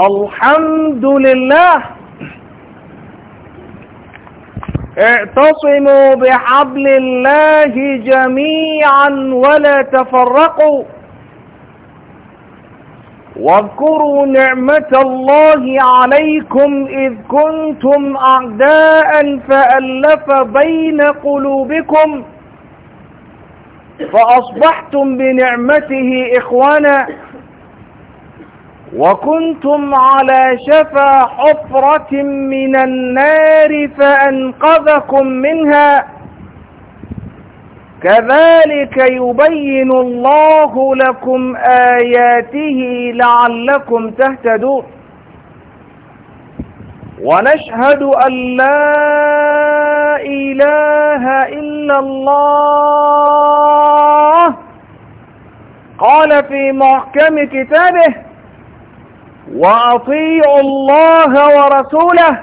الحمد لله اعتصموا بحبل الله جميعا ولا تفرقوا واذكروا نعمة الله عليكم إذ كنتم أعداء فألف بين قلوبكم فأصبحتم بنعمته إخوانا وكنتم على شفا حفرة من النار فأنقذكم منها كذلك يبين الله لكم آياته لعلكم تهتدون ونشهد أن لا إله إلا الله قال في محكم كتابه وأطيعوا الله ورسوله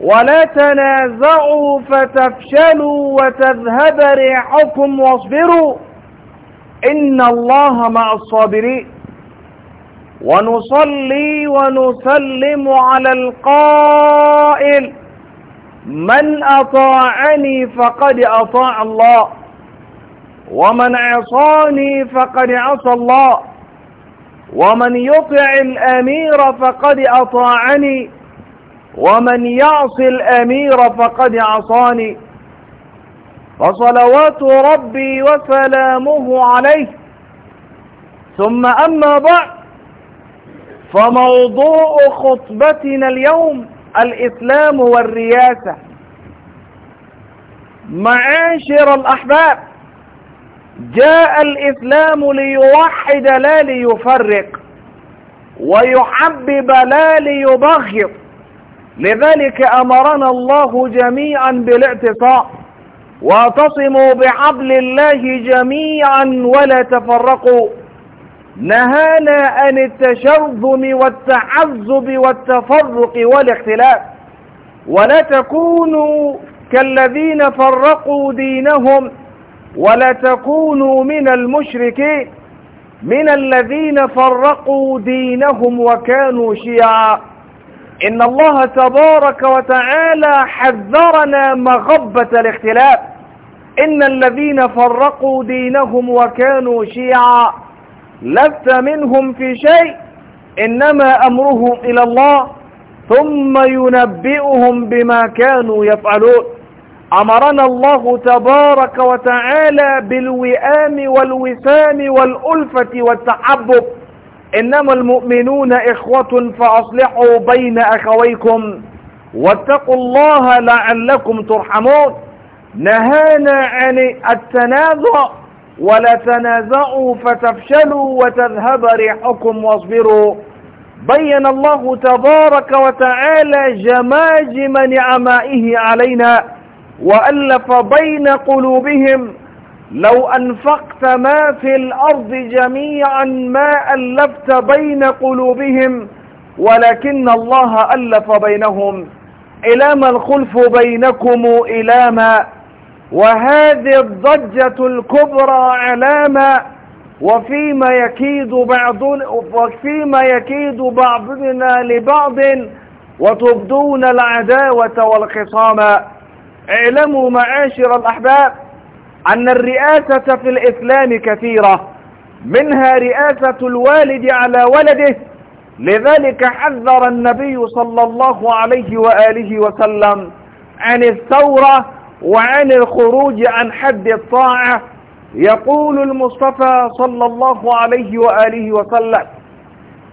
ولا تنازعوا فتفشلوا وتذهب ريحكم واصبروا إن الله مع الصابرين ونصلي ونسلم على القائل من أطاعني فقد أطاع الله ومن عصاني فقد عصى الله ومن يطع الأمير فقد أطاعني ومن يعص الأمير فقد عصاني فصلوات ربي وسلامه عليه ثم أما بعد فموضوع خطبتنا اليوم الإسلام والرياسة معاشر الأحباب جاء الإسلام ليوحد لا ليفرق ويحبب لا ليبغض لذلك أمرنا الله جميعا بالاعتصام واعتصموا بحبل الله جميعا ولا تفرقوا نهانا عن التشرذم والتعذب والتفرق والاختلاف ولا تكونوا كالذين فرقوا دينهم ولا تكونوا من المشركين من الذين فرقوا دينهم وكانوا شيعا إن الله تبارك وتعالى حذرنا مغبة الاختلاف إن الذين فرقوا دينهم وكانوا شيعا لست منهم في شيء إنما أمرهم إلى الله ثم ينبئهم بما كانوا يفعلون أمرنا الله تبارك وتعالى بالوئام والوسام والألفة والتحبب إنما المؤمنون إخوة فأصلحوا بين أخويكم واتقوا الله لعلكم ترحمون نهانا عن التنازع ولا تنازعوا فتفشلوا وتذهب ريحكم واصبروا بين الله تبارك وتعالى جماجم نعمائه علينا وألف بين قلوبهم لو أنفقت ما في الأرض جميعا ما ألفت بين قلوبهم ولكن الله ألف بينهم إلى ما الخلف بينكم إلى ما وهذه الضجة الكبرى علامة وفيما يكيد بعضنا وفيما يكيد بعضنا لبعض وتبدون العداوة والخصام اعلموا معاشر الأحباب أن الرئاسة في الإسلام كثيرة منها رئاسة الوالد على ولده لذلك حذر النبي صلى الله عليه وآله وسلم عن الثورة وعن الخروج عن حد الطاعة يقول المصطفى صلى الله عليه وآله وسلم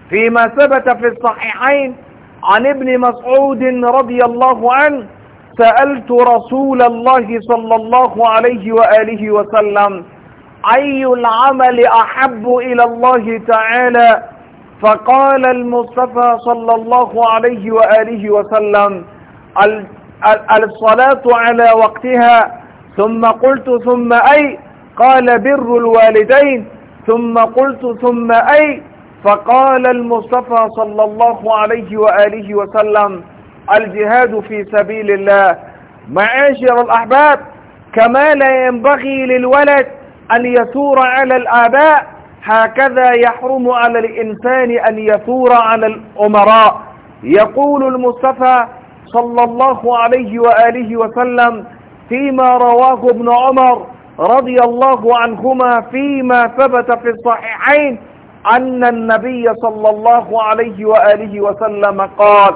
فيما ثبت في الصحيحين عن ابن مسعود رضي الله عنه سألت رسول الله صلى الله عليه وآله وسلم أي العمل أحب إلى الله تعالى فقال المصطفى صلى الله عليه وآله وسلم الصلاة على وقتها ثم قلت ثم أي قال بر الوالدين ثم قلت ثم أي فقال المصطفى صلى الله عليه وآله وسلم الجهاد في سبيل الله معاشر الأحباب كما لا ينبغي للولد أن يثور على الآباء هكذا يحرم على الإنسان أن يثور على الأمراء يقول المصطفى صلى الله عليه وآله وسلم فيما رواه ابن عمر رضي الله عنهما فيما ثبت في الصحيحين أن النبي صلى الله عليه وآله وسلم قال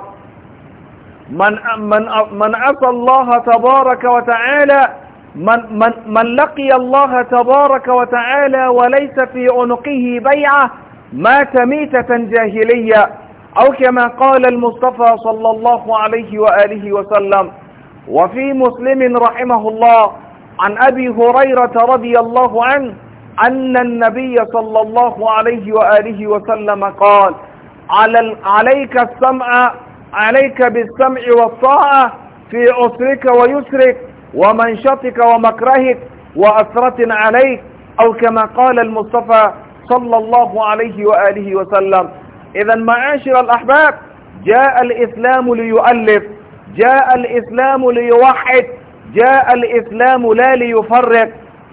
من من من عصى الله تبارك وتعالى من من من لقي الله تبارك وتعالى وليس في عنقه بيعه مات ميتة جاهلية أو كما قال المصطفى صلى الله عليه وآله وسلم وفي مسلم رحمه الله عن أبي هريرة رضي الله عنه أن النبي صلى الله عليه وآله وسلم قال على عليك السمع عليك بالسمع والطاعة في عسرك ويسرك ومنشطك ومكرهك وأسرة عليك أو كما قال المصطفى صلى الله عليه وآله وسلم إذا معاشر الأحباب جاء الإسلام ليؤلف جاء الإسلام ليوحد جاء الإسلام لا ليفرق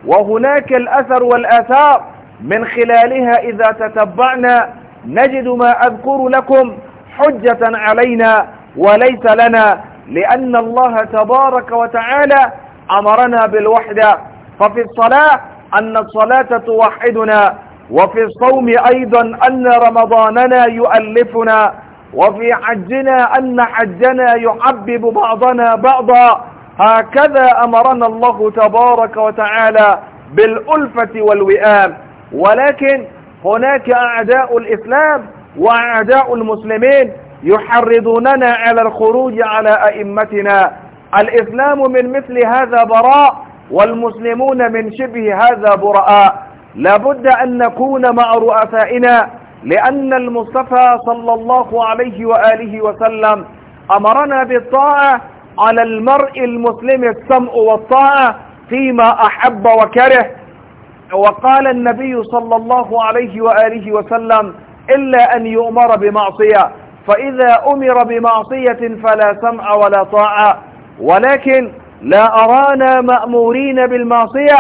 وهناك الأثر والآثار من خلالها إذا تتبعنا نجد ما أذكر لكم حجة علينا وليس لنا لأن الله تبارك وتعالى أمرنا بالوحدة ففي الصلاة أن الصلاة توحدنا وفي الصوم أيضا أن رمضاننا يؤلفنا وفي حجنا أن حجنا يحبب بعضنا بعضا هكذا أمرنا الله تبارك وتعالى بالألفة والوئام ولكن هناك أعداء الإسلام وأعداء المسلمين يحرضوننا على الخروج على أئمتنا الإسلام من مثل هذا براء والمسلمون من شبه هذا براء لابد أن نكون مع رؤسائنا لأن المصطفى صلى الله عليه وآله وسلم أمرنا بالطاعة على المرء المسلم السمء والطاعة فيما أحب وكره وقال النبي صلى الله عليه وآله وسلم إلا أن يؤمر بمعصية فإذا أمر بمعصية فلا سمع ولا طاعة ولكن لا أرانا مأمورين بالمعصية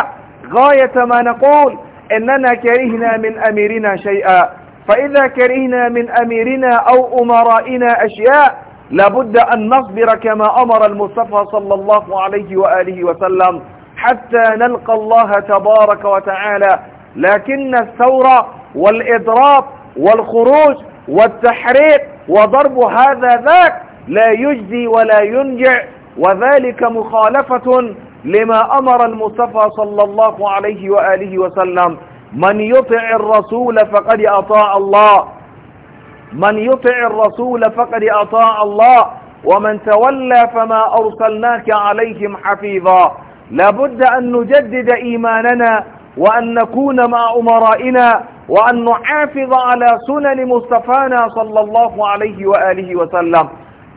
غاية ما نقول إننا كرهنا من أميرنا شيئا فإذا كرهنا من أميرنا أو أمرائنا أشياء لابد أن نصبر كما أمر المصطفى صلى الله عليه وآله وسلم حتى نلقى الله تبارك وتعالى لكن الثورة والإضراب والخروج والتحريق وضرب هذا ذاك لا يجزي ولا ينجع وذلك مخالفة لما أمر المصطفى صلى الله عليه وآله وسلم من يطع الرسول فقد أطاع الله من يطع الرسول فقد أطاع الله ومن تولى فما أرسلناك عليهم حفيظا لابد أن نجدد إيماننا وأن نكون مع أمرائنا وأن نحافظ على سنن مصطفانا صلى الله عليه وآله وسلم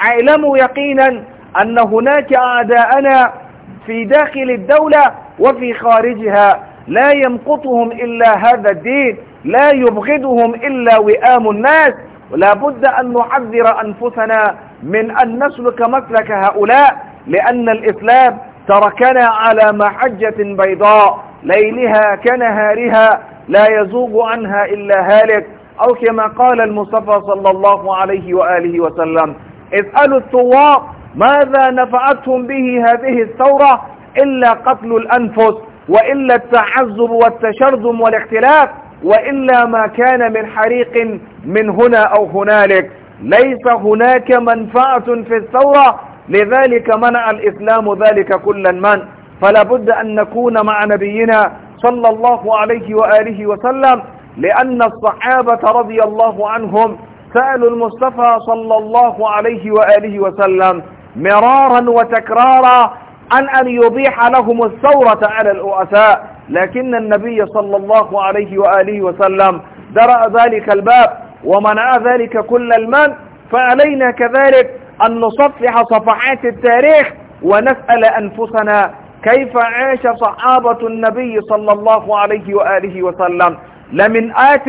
اعلموا يقينا أن هناك أعداءنا في داخل الدولة وفي خارجها لا يمقطهم إلا هذا الدين لا يبغضهم إلا وئام الناس ولا بد أن نحذر أنفسنا من أن نسلك مسلك هؤلاء لأن الإسلام تركنا على محجة بيضاء ليلها كنهارها لا يزوغ عنها إلا هالك أو كما قال المصطفى صلى الله عليه وآله وسلم اسألوا الثواب ماذا نفعتهم به هذه الثورة إلا قتل الأنفس وإلا التعذب والتشرذم والاختلاف وإلا ما كان من حريق من هنا أو هنالك ليس هناك منفعة في الثورة لذلك منع الإسلام ذلك كل من فلا بد أن نكون مع نبينا صلى الله عليه وآله وسلم لأن الصحابة رضي الله عنهم سألوا المصطفى صلى الله عليه وآله وسلم مرارا وتكرارا عن أن يبيح لهم الثورة على الرؤساء لكن النبي صلى الله عليه وآله وسلم درأ ذلك الباب ومنع ذلك كل المن فعلينا كذلك أن نصفح صفحات التاريخ ونسأل أنفسنا كيف عاش صحابة النبي صلى الله عليه وآله وسلم لمن آت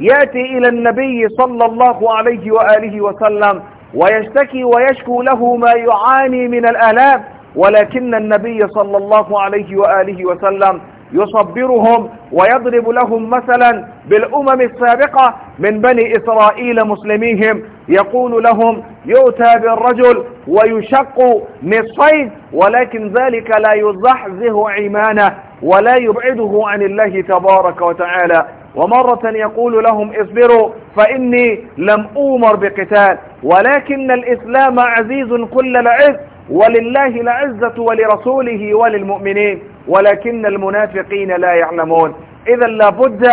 يأتي إلى النبي صلى الله عليه وآله وسلم ويشتكي ويشكو له ما يعاني من الآلام ولكن النبي صلى الله عليه وآله وسلم يصبرهم ويضرب لهم مثلا بالأمم السابقة من بني إسرائيل مسلميهم يقول لهم يؤتى بالرجل ويشق نصفين ولكن ذلك لا يزحزه عمانه ولا يبعده عن الله تبارك وتعالى ومرة يقول لهم اصبروا فإني لم أومر بقتال ولكن الإسلام عزيز كل العز ولله العزة ولرسوله وللمؤمنين ولكن المنافقين لا يعلمون إذا لابد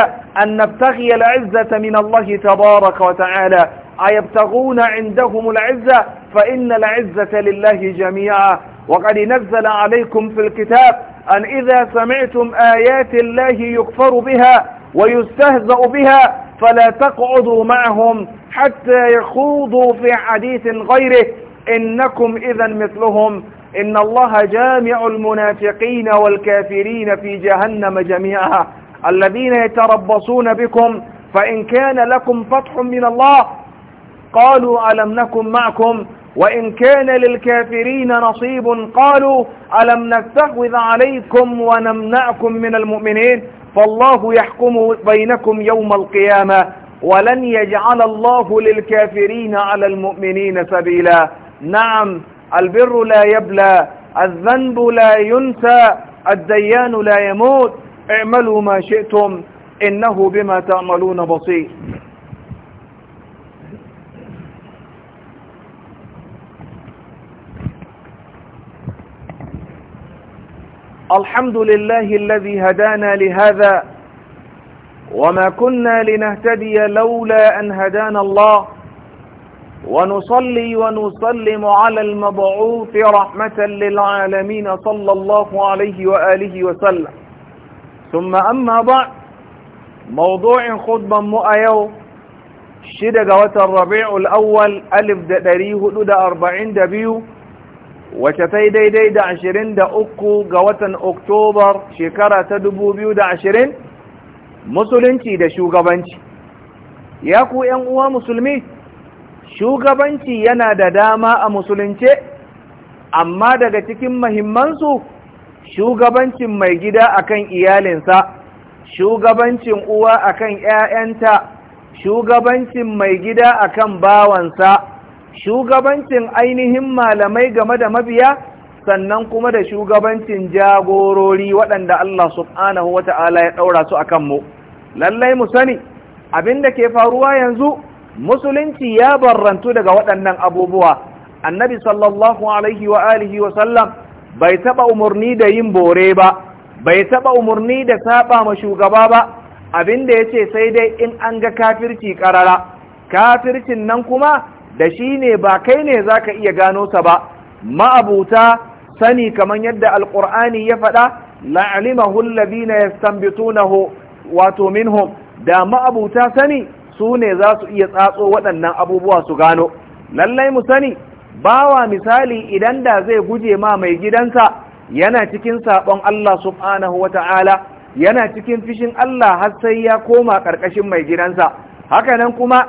أن نبتغي العزة من الله تبارك وتعالى أيبتغون عندهم العزة فإن العزة لله جميعا وقد نزل عليكم في الكتاب أن إذا سمعتم آيات الله يكفر بها ويستهزأ بها فلا تقعدوا معهم حتى يخوضوا في حديث غيره إنكم إذا مثلهم إن الله جامع المنافقين والكافرين في جهنم جميعا الذين يتربصون بكم فإن كان لكم فتح من الله قالوا ألم نكن معكم وإن كان للكافرين نصيب قالوا ألم نستحوذ عليكم ونمنعكم من المؤمنين فالله يحكم بينكم يوم القيامة ولن يجعل الله للكافرين على المؤمنين سبيلا نعم البر لا يبلى الذنب لا ينسى الديان لا يموت اعملوا ما شئتم إنه بما تعملون بصير الحمد لله الذي هدانا لهذا وما كنا لنهتدي لولا أن هدانا الله ونصلي ونسلم على المبعوث رحمة للعالمين صلى الله عليه وآله وسلم ثم أما بعد موضوع خطبا مؤيو شد قوة الربيع الأول ألف دريه لدى أربعين دبيو وشتي دي دي دعشرين دأكو قوة أكتوبر شكرة تدبو بيو دعشرين مسلنتي شو قبنتي ياكو ينقوا مسلمين shugabanci yana da dama a musulunce amma daga cikin mahimmansu shugabancin mai gida akan iyalinsa shugabancin uwa akan 'ya'yanta shugabancin mai gida akan bawansa shugabancin ainihin malamai game da mabiya sannan kuma da shugabancin jagorori waɗanda Allah subhanahu wa ta'ala ya ɗaura su akan mu lallai mu sani abin da ke faruwa yanzu musulunci ya barrantu daga waɗannan abubuwa annabi sallallahu alaihi wa alihi wa sallam bai taba umarni da yin bore ba bai taba umarni da saba ma shugaba ba abinda ya ce sai dai in an ga kafirci karara kafircin nan kuma da shi ne ba kai ne zaka iya gano sa ba ma'abuta sani kaman yadda alqur'ani ya faɗa la'alimahu alladhina yastanbitunahu wato minhum da ma'abuta sani su ne za su iya tsatso waɗannan abubuwa su gano lallai mu sani bawa misali idan da zai guje ma mai gidansa yana cikin saɓon Allah subhanahu wa ta'ala yana cikin fishin Allah har sai ya koma ƙarƙashin mai gidansa hakanan kuma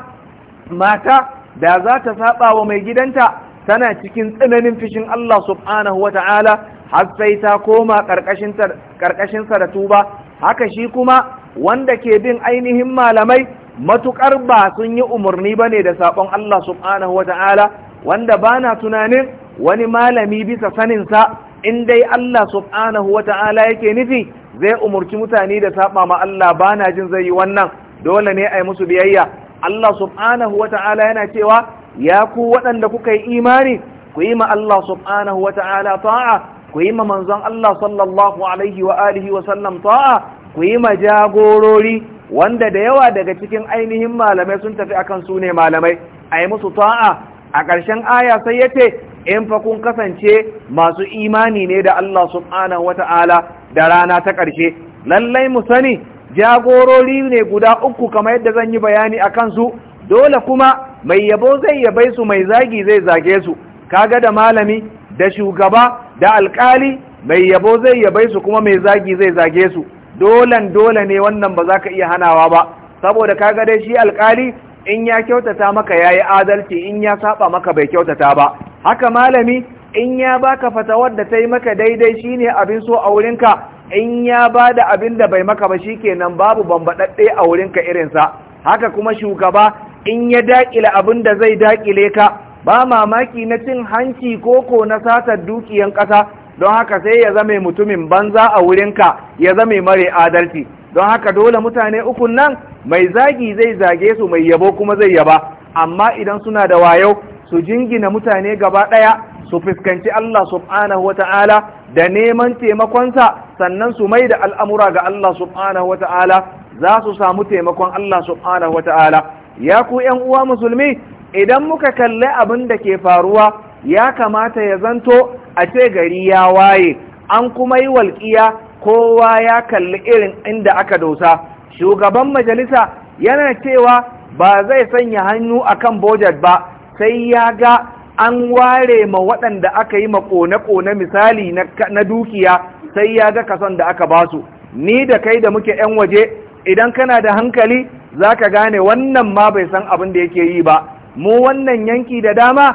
mata da za ta saɓa wa mai gidanta tana cikin tsananin fishin Allah subhanahu wa ta'ala har sai ta koma ƙarƙashinsa da tuba haka shi kuma wanda ke bin ainihin malamai matukar ba sun yi umarni ba ne da saɓon Allah subhanahu wa ta'ala wanda ba na tunanin wani malami bisa saninsa in dai Allah subhanahu wa ta'ala yake nufi zai umarci mutane da saɓa ma Allah ba na jin zai yi wannan dole ne a yi musu biyayya Allah subhanahu wa ta'ala yana cewa ya ku waɗanda kuka yi imani ku yi ma Allah subhanahu wa ta'ala ta'a ku yi ma manzon Allah sallallahu alaihi wa alihi wa sallam ta'a ku yi ma jagorori wanda da yawa daga cikin ainihin malamai sun tafi akan su ne malamai a yi musu ta'a a ƙarshen aya sai ya ce in fa kun kasance masu imani ne da Allah subhanahu wata'ala da rana ta ƙarshe lallai mu sani jagorori ne guda uku kamar yadda zan yi bayani a kansu dole kuma mai yabo zai yabai su mai zagi zai zage su kaga da malami da shugaba da alƙali mai yabo zai yabai su kuma mai zagi zai zage su dolan dole ne wannan ba za ka iya hanawa ba saboda kaga dai shi alkali in ya kyautata maka ya yi adalci in ya saba maka bai kyautata ba haka malami in ya baka fatawar da ta yi maka daidai shi ne abin so a wurinka in ya ba da abin da bai maka ba shi kenan babu bambaɗaɗɗe a wurinka irinsa haka kuma shugaba in ya daƙile abin da zai daƙile ka ba mamaki na cin hanci koko na satar dukiyan ƙasa don haka sai ya zame mutumin banza a wurinka ya zame mare adalci don haka dole mutane ukun nan mai zagi zai zage su mai yabo kuma zai yaba amma idan suna da wayo su jingina mutane gaba ɗaya su fuskanci Allah subhanahu wata'ala da neman taimakonsa sannan su mai da al'amura ga Allah subhanahu wata'ala za su samu taimakon Allah subhanahu wata'ala ya ku ‘yan uwa musulmi idan muka kalli abin da ke faruwa ya kamata ya zanto a ce gari ya waye an kuma yi walƙiya kowa ya kalli irin inda aka dosa shugaban majalisa yana cewa ba zai sanya hannu akan budget ba sai ya ga an ware ma waɗanda aka yi ma ƙone-ƙone misali na dukiya sai ya ga kason da aka basu ni da kai da muke 'yan waje idan kana da hankali za ka gane wannan ma bai san abin da yake yi ba mu wannan yanki da dama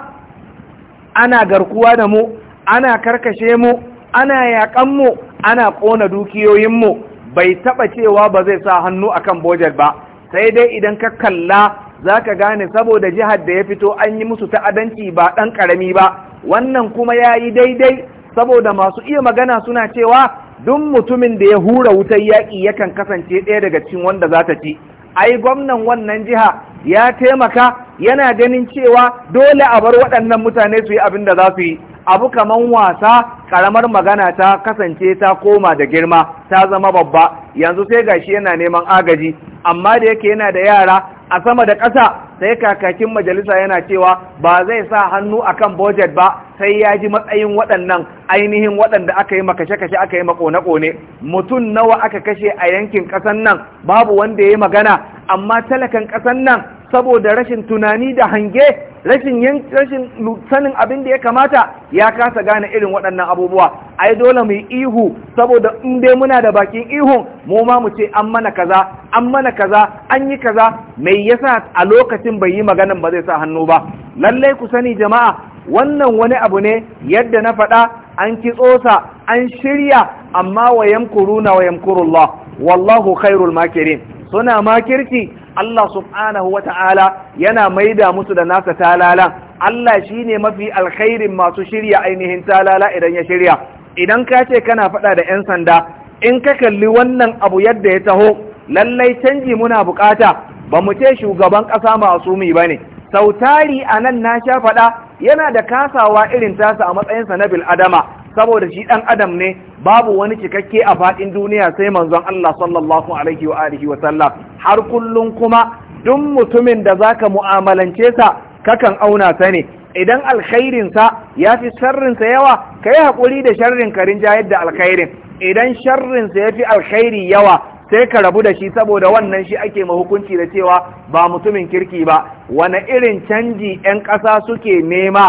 ana garkuwa da mu ana karkashe mu ana yaƙan mu ana ƙona dukiyoyinmu bai taɓa cewa ba zai sa hannu a kan bojar ba sai dai idan ka kalla za ka gane saboda jihar da ya fito an yi musu ta'adanci ba ɗan ƙarami ba wannan kuma ya yi daidai saboda masu iya magana suna cewa duk mutumin da ya hura wutar yaƙi yakan kasance ɗaya daga cikin wanda za ta ci ai gwamnan wannan jiha ya taimaka yana ganin cewa dole a bar waɗannan mutane su yi abin da za su yi abu kaman wasa karamar magana ta kasance ta koma da girma ta zama babba yanzu sai gashi yana neman agaji amma da yake yana da yara a sama da ƙasa sai kakakin majalisa yana cewa ba zai sa hannu akan budget ba sai ya ji matsayin waɗannan ainihin waɗanda aka yi makashe-kashe aka yi makone-kone mutum nawa aka kashe a yankin ƙasan nan babu wanda ya yi magana amma talakan ƙasan nan saboda rashin tunani da hange rashin rashin sanin abin da ya kamata ya kasa gane irin waɗannan abubuwa ai dole mu ihu saboda in dai muna da bakin ihun mu ma mu ce an mana kaza an mana kaza an yi kaza mai yasa a lokacin bai yi maganan ba zai sa hannu ba lallai ku sani jama'a wannan wani abu ne yadda na faɗa an kitso sa an shirya amma wa yankuru na wa Allah wallahu khairul makirin suna makirci Allah subhanahu wa ta'ala yana maida musu da nasa talala Allah shi ne mafi alkhairin masu shirya ainihin talala idan ya shirya idan ka ce kana faɗa da 'yan sanda in ka kalli wannan abu yadda ya taho lallai canji muna bukata ba mu ce shugaban ƙasa masu masumi ba ne sautari a nan na sha faɗa yana da kasawa irin tasa a matsayinsa na bil'adama saboda shi ɗan adam ne babu wani cikakke a faɗin duniya sai manzon Allah sallallahu alaihi wa alihi wa sallam har kullum kuma duk mutumin da zaka mu'amalance sa kakan auna ta ne idan alkhairinsa ya fi sharrinsa yawa ka yi haƙuri da sharrin karin jayar da alkhairin idan sharrinsa ya fi alkhairi yawa sai ka rabu da shi saboda wannan shi ake hukunci da cewa ba mutumin kirki ba wani irin canji 'yan ƙasa suke nema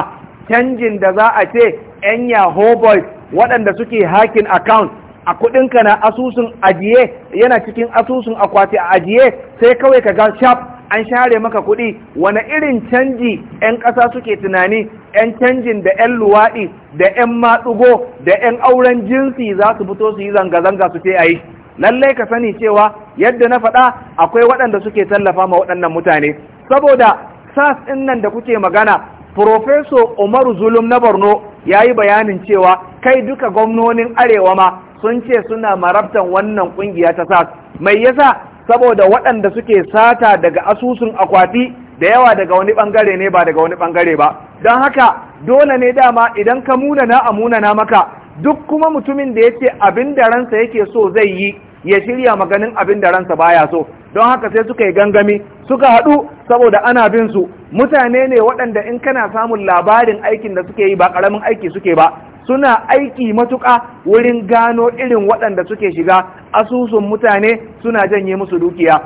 canjin da za a ce 'yan yahoo boys waɗanda suke hakin account a kuɗinka na asusun ajiye yana cikin asusun akwati a ajiye sai kawai ka ga shaf an share maka kuɗi wani irin canji 'yan ƙasa suke tunani 'yan canjin da 'yan luwaɗi da 'yan maɗugo da 'yan auren jinsi za su fito su yi zanga-zanga su ce a yi lallai ka sani cewa yadda na faɗa akwai waɗanda suke tallafa ma waɗannan mutane saboda sas ɗin nan da kuke magana Profeso Umaru Zulum na Borno ya yi bayanin cewa kai duka gwamnonin Arewa ma sun ce suna marabtan wannan ƙungiya ta SAS. Mai yasa saboda waɗanda suke sata daga asusun akwati da yawa daga wani ɓangare ne ba daga wani ɓangare ba. Don haka dole ne dama idan ka munana a munana maka duk kuma mutumin da ya ce abin da ransa yake so zai yi ya shirya maganin abin da ransa baya so don haka sai suka yi gangami suka haɗu saboda ana bin su mutane ne waɗanda in kana samun labarin aikin da suke yi ba ƙaramin aiki suke ba suna aiki matuƙa wurin gano irin waɗanda suke shiga asusun mutane suna janye musu dukiya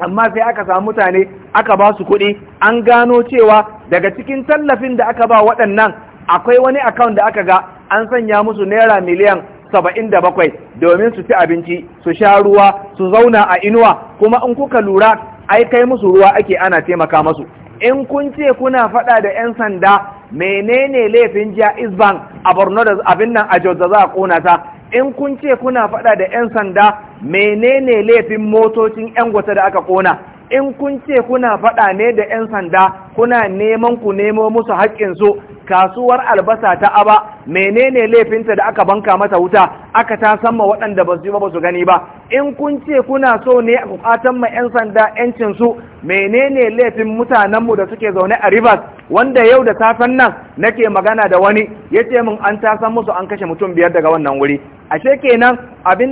amma sai aka samu mutane aka ba su kuɗi an gano cewa daga cikin tallafin da aka ba waɗannan akwai wani akawun da aka ga an sanya musu naira miliyan saba'in da bakwai domin su ci abinci su sha ruwa su zauna a inuwa kuma in kuka lura ai kai musu ruwa ake ana taimaka masu in kun ce kuna faɗa da 'yan sanda menene laifin jaiz isban a borno da abin nan a jos da za a ƙona ta in kun ce kuna faɗa da 'yan sanda menene laifin motocin 'yan gwata da aka kona in kun ce kuna faɗa ne da 'yan sanda kuna neman ku nemo musu haƙƙinsu kasuwar albasa ta aba menene laifinta da aka banka mata wuta aka ta ma waɗanda ba su ba su gani ba in kun ce kuna so ne a bukatan ma 'yan sanda 'yancinsu menene laifin mutanenmu da suke zaune a rivers wanda yau da safen nan nake magana da wani ya ce min an ta san musu an kashe mutum biyar daga wannan wuri ashe kenan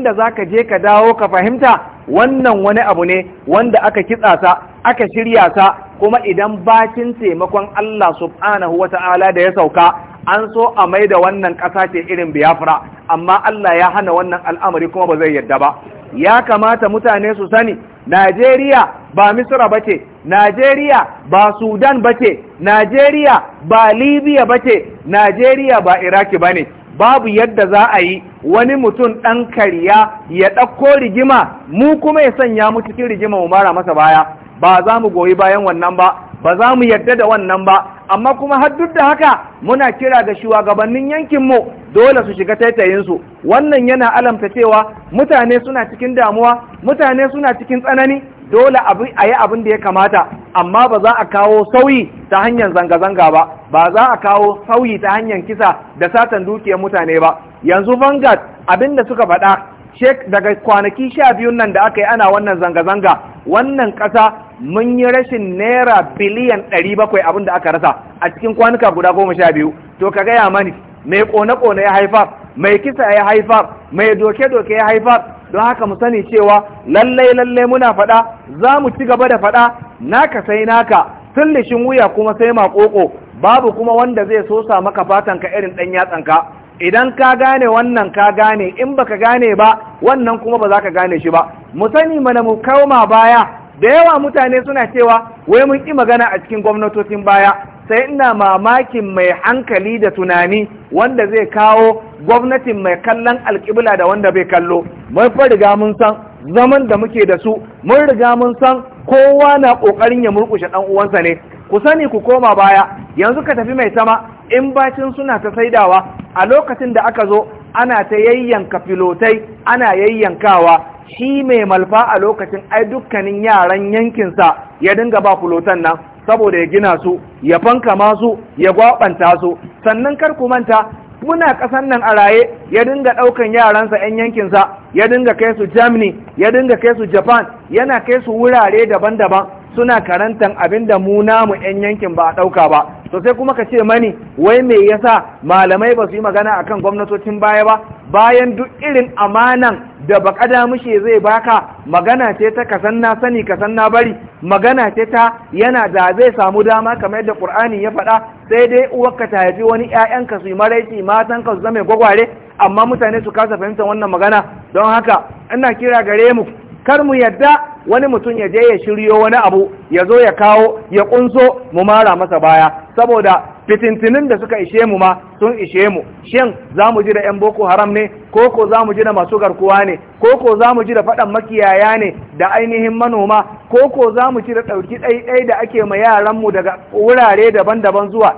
da za ka je ka dawo ka fahimta wannan wani abu ne wanda aka kitsa sa aka shirya sa kuma idan bakin taimakon Allah subhanahu Ta'ala da ya sauka an so a mai da wannan ƙasa ce irin biyafra amma Allah ya hana wannan al'amari kuma ba zai yadda ba ya kamata mutane su sani Najeriya ba Misra bace Najeriya ba Sudan bace Najeriya ba Libya bace Najeriya ba Iraki bane babu yadda za a yi wani mutum ɗan kariya ya ɗauko rigima mu kuma ya sanya mu cikin rigima mu mara masa baya ba za mu goyi bayan wannan ba ba za mu yadda da wannan ba amma kuma har duk da haka muna kira ga shugabannin yankinmu dole su shiga taitayinsu wannan yana alamta cewa mutane suna cikin damuwa mutane suna cikin tsanani dole a yi abin da ya kamata amma ba za a kawo sauyi ta hanyar zanga-zanga ba ba za a kawo sauyi ta hanyar kisa da satan dukiyar mutane ba yanzu vanguard abin da suka faɗa daga kwanaki sha biyu nan da aka yi ana wannan zanga-zanga wannan ƙasa mun yi rashin naira biliyan ɗari bakwai abin da aka rasa a cikin kwanuka guda goma sha biyu to ka gaya mani mai ƙone-ƙone ya haifar mai kisa ya haifar mai doke-doke ya haifar don haka mu sani cewa lallai lallai muna faɗa za mu ci gaba da faɗa naka sai naka tullishin wuya kuma sai maƙoƙo babu kuma wanda zai so sa maka fatan ka irin ɗan ka, idan ka gane wannan ka gane in baka gane ba wannan kuma ba za ka gane shi ba mu sani mana mu kauma baya da yawa mutane suna cewa wai mun ƙi magana a cikin gwamnatocin baya sai ina mamakin mai hankali da tunani wanda zai kawo gwamnatin mai kallon alƙibla da wanda bai kallo mun fi riga mun san zaman da muke da su mun riga mun san kowa na ƙoƙarin ya murƙushe ɗan uwansa ne ku sani ku koma baya yanzu ka tafi mai sama in bacin suna ta saidawa a lokacin da aka zo ana ta yayyanka filotai ana yayyankawa shi mai malfa a lokacin ai dukkanin yaran yankinsa ya dinga ba filotan nan saboda ya gina su ya fanka masu ya gwabanta su sannan kar ku manta muna ƙasan nan a raye ya dinga ɗaukan yaransa 'yan yankinsa ya dinga kai su germany ya dinga kai su japan yana kai su wurare daban-daban suna karantan abin da mu namu 'yan yankin ba a ɗauka ba Sosai kuma ka ce mani wai me yasa malamai ba su yi magana akan gwamnatocin baya ba bayan duk irin amanan da da mushe zai baka magana ce ta kasan na sani kasan na bari magana ce ta yana da zai samu dama kamar yadda qur'ani ya faɗa sai dai uwarka ta haifi wani ƴaƴanka su yi maraici matan ka su zama gwagware amma mutane su kasa fahimtar wannan magana don haka ina kira gare mu kar mu yadda wani mutum ya je ya shiryo wani abu ya zo ya kawo ya kunso mu mara masa baya saboda fitintinin da suka ishe mu ma sun ishe mu shin za mu ji da 'yan boko haram ne ko ko za mu ji da masu garkuwa ne ko ko za mu ji da faɗan makiyaya ne da ainihin manoma ko ko za mu ji da ɗauki ɗaiɗai da ake ma yaranmu daga wurare daban-daban zuwa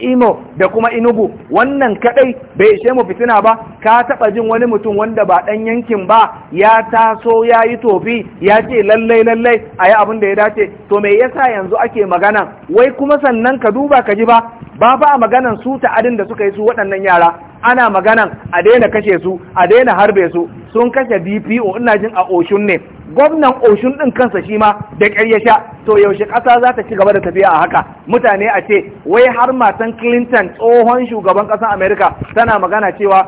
imo da kuma inugu wannan kadai bai ishe mu fitina ba ka taba jin wani mutum wanda ba dan yankin ba ya taso ya yi tofi ya ce lallai lallai a yi abin da ya dace to me yasa yanzu ake magana wai kuma sannan ka duba ka ji ba ba ba a maganan su ta'adin da suka yi su waɗannan yara ana maganan a daina kashe su a daina harbe su sun kashe dpo ina jin a oshun ne gwamnan oshun ɗin kansa shi ma da ƙarya sha to yaushe ƙasa za ta ci gaba da tafiya a haka mutane a ce wai har matan clinton tsohon shugaban ƙasar Amerika tana magana cewa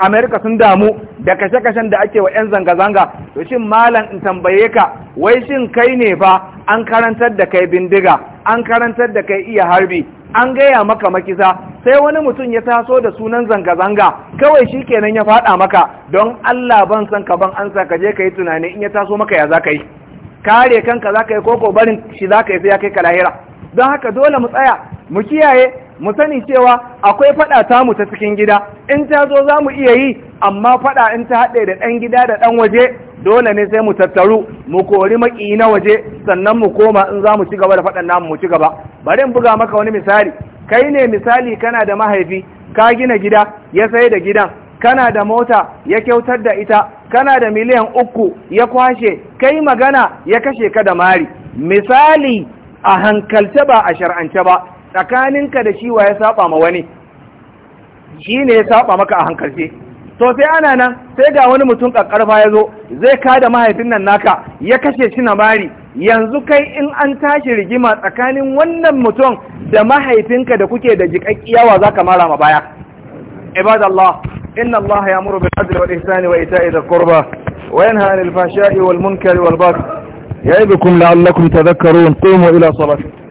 Amerika sun damu da kashe-kashen da ake wa 'yan zanga-zanga to shin malam in tambaye ka wai shin kai ne fa an karantar da kai bindiga an karantar da kai iya harbi an gaya maka makisa sai wani mutum ya taso da sunan zanga-zanga kawai shi kenan ya faɗa maka don Allah ban san ka ban ansa ka je ka yi tunani in ya taso maka ya za ka yi kare kanka za ka yi koko barin shi za ka yi sai ya kai ka lahira don haka dole mu tsaya mu kiyaye mu sani cewa akwai faɗa tamu ta cikin gida in ta zo za mu iya yi amma faɗa in ta haɗe da ɗan gida da ɗan waje dole ne sai mu tattaru mu kori maki na waje sannan mu koma in za mu ci gaba da faɗan namu mu ci gaba bari in buga maka wani misali kai ne misali kana da mahaifi ka gina gida ya sai da gidan kana da mota ya kyautar da ita kana da miliyan uku ya kwashe kai magana ya kashe ka da mari misali a hankalce ba a shar'ance ba tsakaninka da shi wa ya saba ma wani shi ne ya saba maka a hankalce to sai ana nan sai ga wani mutum kakkarfa ya zo zai kada mahaifin nan naka ya kashe shi na bari yanzu kai in an tashi rigima tsakanin wannan mutum da mahaifinka da kuke da jikakkiya wa zaka mara ma baya ibadallah inna Allah ya'muru bil adli wal ihsani wa ita'i dhil qurba wa yanha 'anil fahsha'i wal munkari wal baghi ya'idukum la'allakum tadhakkarun qumu ila salati